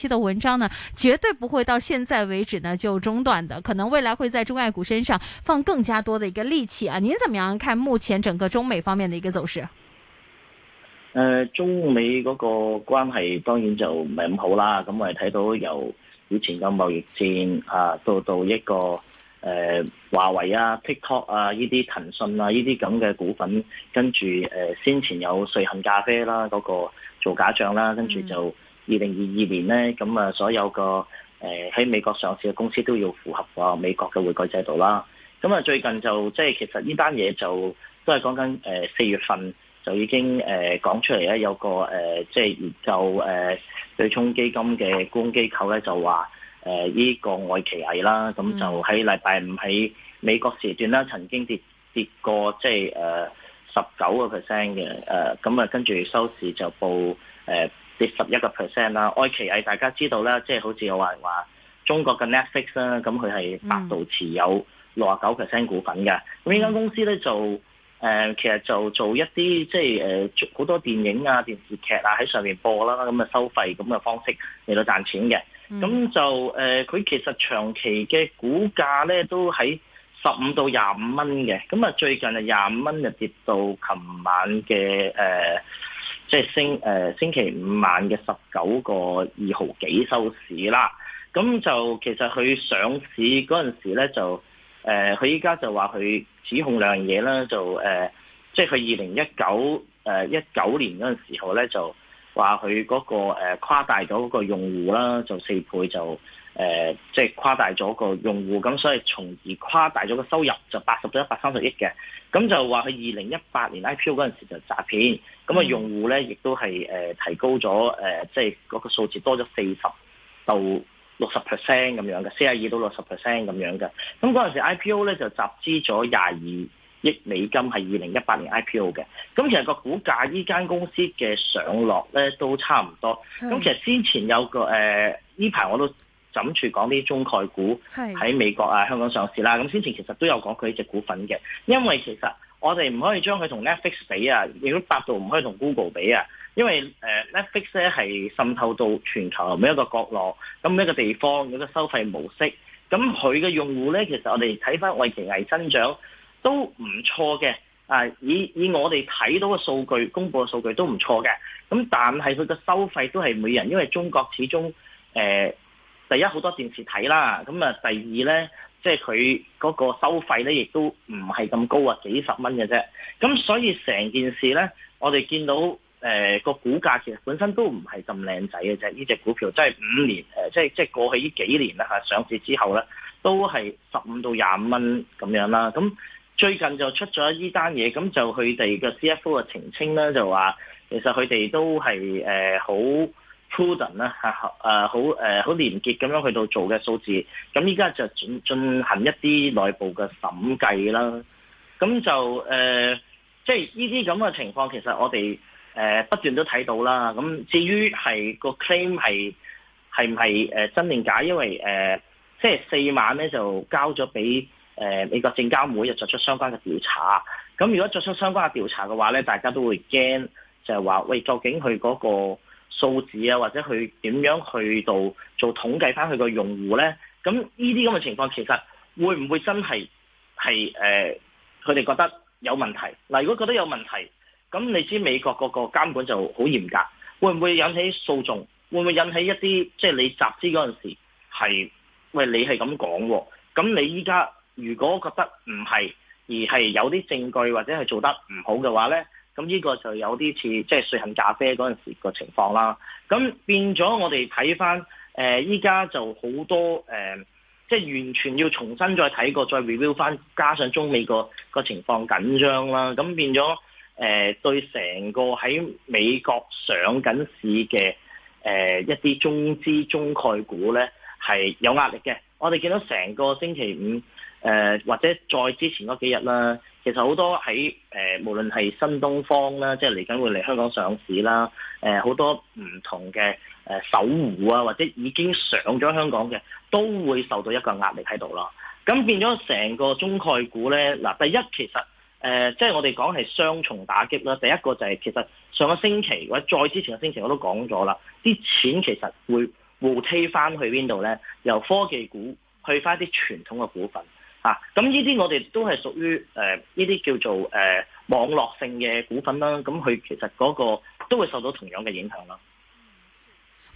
期的文章呢，絕對不會到現在為止呢就中斷的，可能未來會在中概股身上放更加多的一個力氣啊！您怎麼樣看目前整個中美方面的一個走勢？呃，中美嗰個關係當然就唔係咁好啦，咁我哋睇到由以前嘅貿易戰啊，到到一個誒華為啊、TikTok 啊呢啲騰訊啊呢啲咁嘅股份，跟住誒先前有瑞幸咖啡啦，嗰個做假賬啦，跟住就。嗯二零二二年咧，咁啊，所有個誒喺美國上市嘅公司都要符合個美國嘅會改制度啦。咁啊，最近就即係其實呢單嘢就都係講緊誒四月份就已經誒講出嚟咧，有個誒即係研究誒對沖基金嘅官機構咧就話誒呢個愛奇藝啦。咁就喺禮拜五喺美國時段啦曾經跌跌過即係誒十九個 percent 嘅誒。咁啊，跟住收市就報誒。跌十一個 percent 啦，愛奇藝大家知道啦，即係好似我話話中國嘅 Netflix 啦，咁佢係百度持有六十九 percent 股份嘅，咁、mm. 呢間公司咧就、呃、其實就做一啲即係好多電影啊、電視劇啊喺上面播啦，咁啊收費咁嘅方式嚟到賺錢嘅，咁、mm. 就佢、呃、其實長期嘅股價咧都喺十五到廿五蚊嘅，咁啊最近啊廿五蚊就跌到琴晚嘅誒。呃即係星誒星期五晚嘅十九個二毫幾收市啦，咁就其實佢上市嗰陣時咧就誒，佢依家就話佢指控兩樣嘢啦，就誒，即係佢二零一九誒一九年嗰陣時候咧就話佢嗰個誒誇大咗嗰個用戶啦，就四倍就。誒、呃，即、就、係、是、誇大咗個用戶，咁所以從而誇大咗個收入，就八十到一百三十億嘅。咁就話佢二零一八年 IPO 嗰陣時就詐騙，咁、那、啊、個、用戶咧亦都係誒、呃、提高咗誒，即係嗰個數字多咗四十到六十 percent 咁樣嘅，四十二到六十 percent 咁樣嘅。咁嗰陣時 IPO 咧就集資咗廿二億美金，係二零一八年 IPO 嘅。咁其實個股價呢間公司嘅上落咧都差唔多。咁其實先前有個誒呢排我都。枕住講啲中概股喺美國啊、香港上市啦，咁先前其實都有講佢呢隻股份嘅，因為其實我哋唔可以將佢同 Netflix 比啊，亦都百度唔可以同 Google 比啊，因為 Netflix 咧係滲透到全球每一個角落，咁每一個地方有個收費模式，咁佢嘅用戶咧，其實我哋睇翻愛奇藝增長都唔錯嘅，啊，以以我哋睇到嘅數據，公布嘅數據都唔錯嘅，咁但係佢嘅收費都係每人，因為中國始終、呃第一好多電視睇啦，咁啊第二咧，即係佢嗰個收費咧，亦都唔係咁高啊，幾十蚊嘅啫。咁所以成件事咧，我哋見到誒個、呃、股價其實本身都唔係咁靚仔嘅啫，呢、這、隻、個、股票即係五年誒即係即係過去呢幾年啦、啊、上市之後咧都係十五到廿五蚊咁樣啦。咁最近就出咗呢單嘢，咁就佢哋嘅 CFO 嘅澄清咧就話，其實佢哋都係誒好。呃 Prudent 咧，嚇好誒好廉潔咁樣去到做嘅數字，咁依家就進進行一啲內部嘅審計啦。咁就誒，即係呢啲咁嘅情況，其實我哋誒不斷都睇到啦。咁至於係個 claim 係係唔係真定假？因為誒即係四晚咧就交咗俾誒美國證交會又作出相關嘅調查。咁如果作出相關嘅調查嘅話咧，大家都會驚就係話，喂，究竟佢嗰、嗰個？數字啊，或者去點樣去到做統計翻佢個用戶呢？咁呢啲咁嘅情況其實會唔會真係係誒？佢哋、呃、覺得有問題嗱、呃？如果覺得有問題，咁你知美國嗰個監管就好嚴格，會唔會引起訴訟？會唔會引起一啲即係你集資嗰陣時係喂你係咁講喎？咁你依家如果覺得唔係，而係有啲證據或者係做得唔好嘅話呢。咁呢個就有啲似即係瑞幸咖啡嗰陣時個情況啦。咁變咗我哋睇翻，誒依家就好多誒，即係完全要重新再睇過，再 review 翻，加上中美個個情況緊張啦。咁變咗誒、呃，對成個喺美國上緊市嘅誒、呃、一啲中資中概股咧，係有壓力嘅。我哋見到成個星期五，誒、呃、或者再之前嗰幾日啦，其實好多喺誒、呃，無論係新東方啦，即係嚟緊會嚟香港上市啦，誒、呃、好多唔同嘅誒守護啊，或者已經上咗香港嘅，都會受到一個壓力喺度啦。咁變咗成個中概股咧，嗱第一其實誒，即、呃、係、就是、我哋講係雙重打擊啦。第一個就係其實上個星期或者再之前嘅星期我都講咗啦，啲錢其實會。互推翻去邊度呢？由科技股去翻啲傳統嘅股份。咁呢啲我哋都係屬於呢啲、呃、叫做誒、呃、網絡性嘅股份啦。咁佢其實嗰個都會受到同樣嘅影響啦。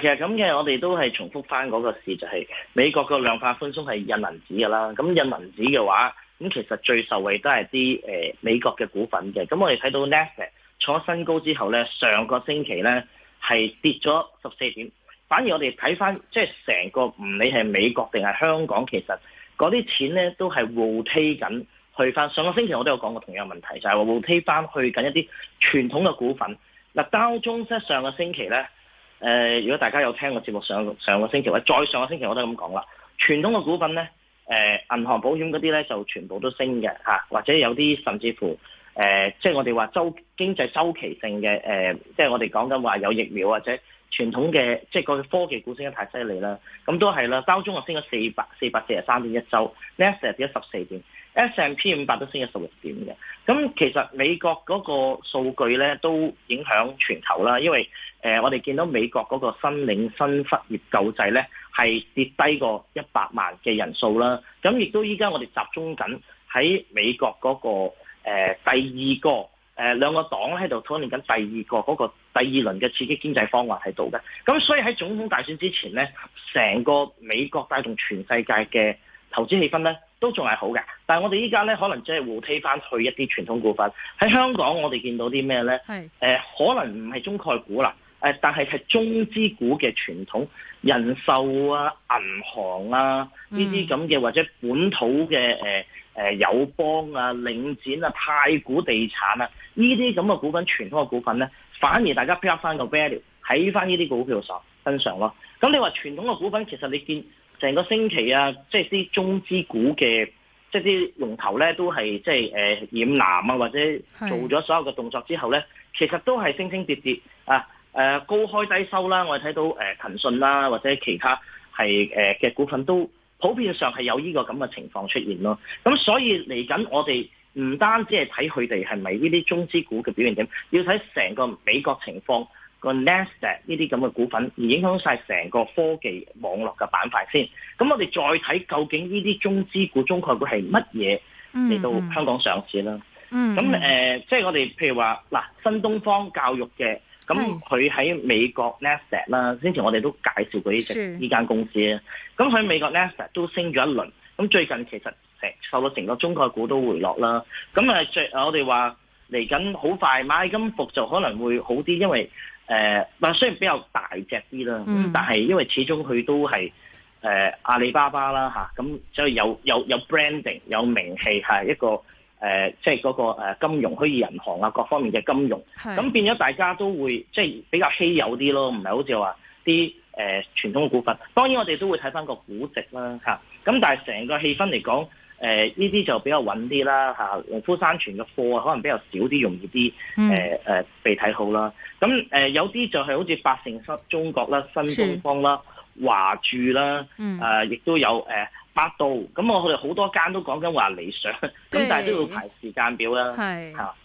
其實咁嘅，我哋都係重複翻嗰個事，就係美國個量化寬鬆係印銀紙嘅啦。咁印銀紙嘅話，咁其實最受惠都係啲誒美國嘅股份嘅。咁我哋睇到 Nasdaq 坐新高之後咧，上個星期咧係跌咗十四點。反而我哋睇翻，即係成個唔理係美國定係香港，其實嗰啲錢咧都係回推緊去翻。上個星期我都有講過同樣問題，就係回推翻去緊一啲傳統嘅股份。嗱，交中息上個星期咧。誒、呃，如果大家有聽我節目上，上上個星期或者再上個星期我都係咁講啦。傳統嘅股份咧，誒、呃，銀行、保險嗰啲咧，就全部都升嘅、啊、或者有啲甚至乎誒、呃，即係我哋話週經濟周期性嘅、呃、即係我哋講緊話有疫苗或者。傳統嘅即係個科技股升得太犀利啦，咁都係啦。包中我升咗四百四百四十三點一周，納斯達克跌咗十四點，S&P 五百都升咗十六點嘅。咁其實美國嗰個數據咧都影響全球啦，因為誒我哋見到美國嗰個申領新失業救濟咧係跌低過一百萬嘅人數啦。咁亦都依家我哋集中緊喺美國嗰個、呃、第二個。誒兩個黨喺度討論緊第二個嗰、嗰個第二輪嘅刺激經濟方案喺度嘅，咁所以喺總統大選之前呢，成個美國帶動全世界嘅投資氣氛呢，都仲係好嘅，但係我哋依家呢，可能即係互推翻去一啲傳統股份喺香港我，我哋見到啲咩呢？係誒，可能唔係中概股啦。誒，但係係中資股嘅傳統，人壽啊、銀行啊呢啲咁嘅，或者本土嘅誒誒友邦啊、領展啊、太古地產啊，呢啲咁嘅股份，傳統嘅股份咧，反而大家 pick 翻個 value 喺翻呢啲股票上身上咯。咁你話傳統嘅股份，其實你見成個星期啊，即係啲中資股嘅，即係啲龍頭咧，都係即係誒染藍啊，或者做咗所有嘅動作之後咧，是其實都係升升跌跌啊。誒高開低收啦，我哋睇到誒騰訊啦，或者其他係誒嘅股份都普遍上係有呢個咁嘅情況出現咯。咁所以嚟緊，我哋唔單止係睇佢哋係咪呢啲中資股嘅表現點，要睇成個美國情況個 Nasdaq 呢啲咁嘅股份而影響晒成個科技網絡嘅板塊先。咁我哋再睇究竟呢啲中資股中概股係乜嘢嚟到香港上市啦？咁、mm、誒 -hmm. mm -hmm. 呃，即係我哋譬如話嗱，新東方教育嘅。咁佢喺美國 Nasdaq 啦，先前我哋都介紹嗰啲隻呢間公司啊。咁喺美國 Nasdaq 都升咗一輪。咁最近其實受咗成個中國股都回落啦。咁啊，最我哋話嚟緊好快買金服就可能會好啲，因為誒、呃，雖然比較大隻啲啦、嗯，但係因為始終佢都係誒、呃、阿里巴巴啦咁所以有有有 branding 有名氣係一個。誒、呃，即係嗰個金融，虛擬銀行啊，各方面嘅金融，咁變咗大家都會即係、就是、比較稀有啲咯，唔係好似話啲誒傳統嘅股份。當然我哋都會睇返個估值啦，嚇、啊。咁但係成個氣氛嚟講，呢、呃、啲就比較穩啲啦，嚇、啊。農夫山泉嘅貨可能比較少啲，容易啲、嗯呃呃、被睇好啦。咁、呃、有啲就係好似百勝中國啦、新東方啦、華住啦，亦、呃嗯、都有、呃嗯，百度，咁我哋好多間都講緊話理想，咁但係都要排時間表啦，係嚇。啊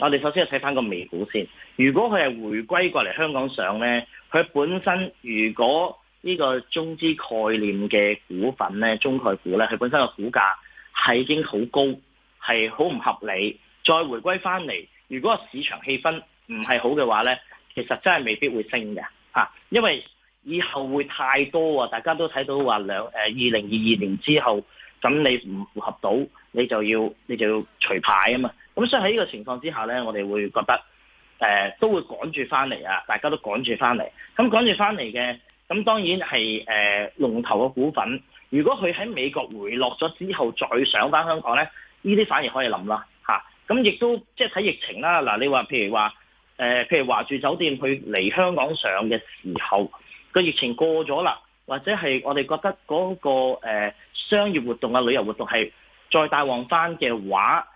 我哋首先睇翻個美股先。如果佢係回歸過嚟香港上咧，佢本身如果呢個中資概念嘅股份咧，中概股咧，佢本身嘅股價係已經好高，係好唔合理。再回歸翻嚟，如果市場氣氛唔係好嘅話咧，其實真係未必會升嘅、啊、因為以後會太多啊！大家都睇到話兩誒二零二二年之後，咁你唔符合到，你就要你就要除牌啊嘛。咁所以喺呢個情況之下咧，我哋會覺得、呃、都會趕住翻嚟啊！大家都趕住翻嚟，咁趕住翻嚟嘅，咁當然係誒、呃、龍頭嘅股份，如果佢喺美國回落咗之後再上翻香港咧，呢啲反而可以諗啦嚇。咁亦都即係睇疫情啦。嗱，你話譬如話、呃、譬如話住酒店佢嚟香港上嘅時候，個疫情過咗啦，或者係我哋覺得嗰、那個、呃、商業活動啊、旅遊活動係再大旺翻嘅話。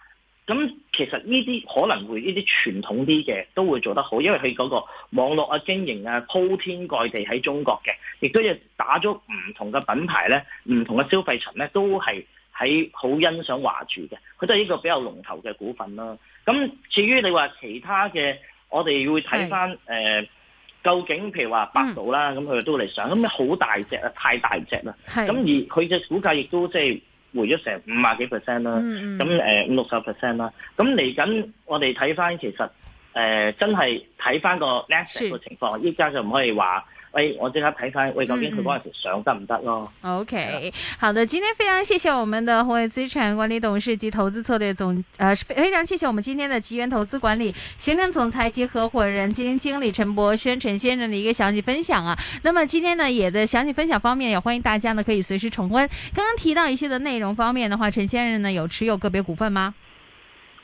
咁其實呢啲可能會呢啲傳統啲嘅都會做得好，因為佢嗰個網絡啊、經營啊，鋪天蓋地喺中國嘅，亦都係打咗唔同嘅品牌咧，唔同嘅消費層咧都係喺好欣賞華住嘅，佢都係一個比較龍頭嘅股份啦。咁至於你話其他嘅，我哋會睇翻誒，究竟譬如話百度啦，咁、嗯、佢哋都嚟上，咁好大隻啊，太大隻啦，咁而佢嘅股價亦都即係。回咗成五啊幾 percent 啦，咁誒，五六十 percent 啦，咁嚟緊我哋睇翻其實誒、呃，真係睇翻個 next 嘅情況，依家就唔可以話。喂、哎，我即刻睇睇。喂，究竟佢嗰陣時上得唔得咯？OK，好的，今天非常謝謝我們的宏偉資產管理董事及投資策略總，呃，非常謝謝我們今天的集源投資管理行政總裁及合伙人基金經理陳柏軒陳先生的一個詳細分享啊。那麼今天呢，也在詳細分享方面，也歡迎大家呢可以隨時重温剛剛提到一些的內容方面的話，陳先生呢有持有個別股份嗎？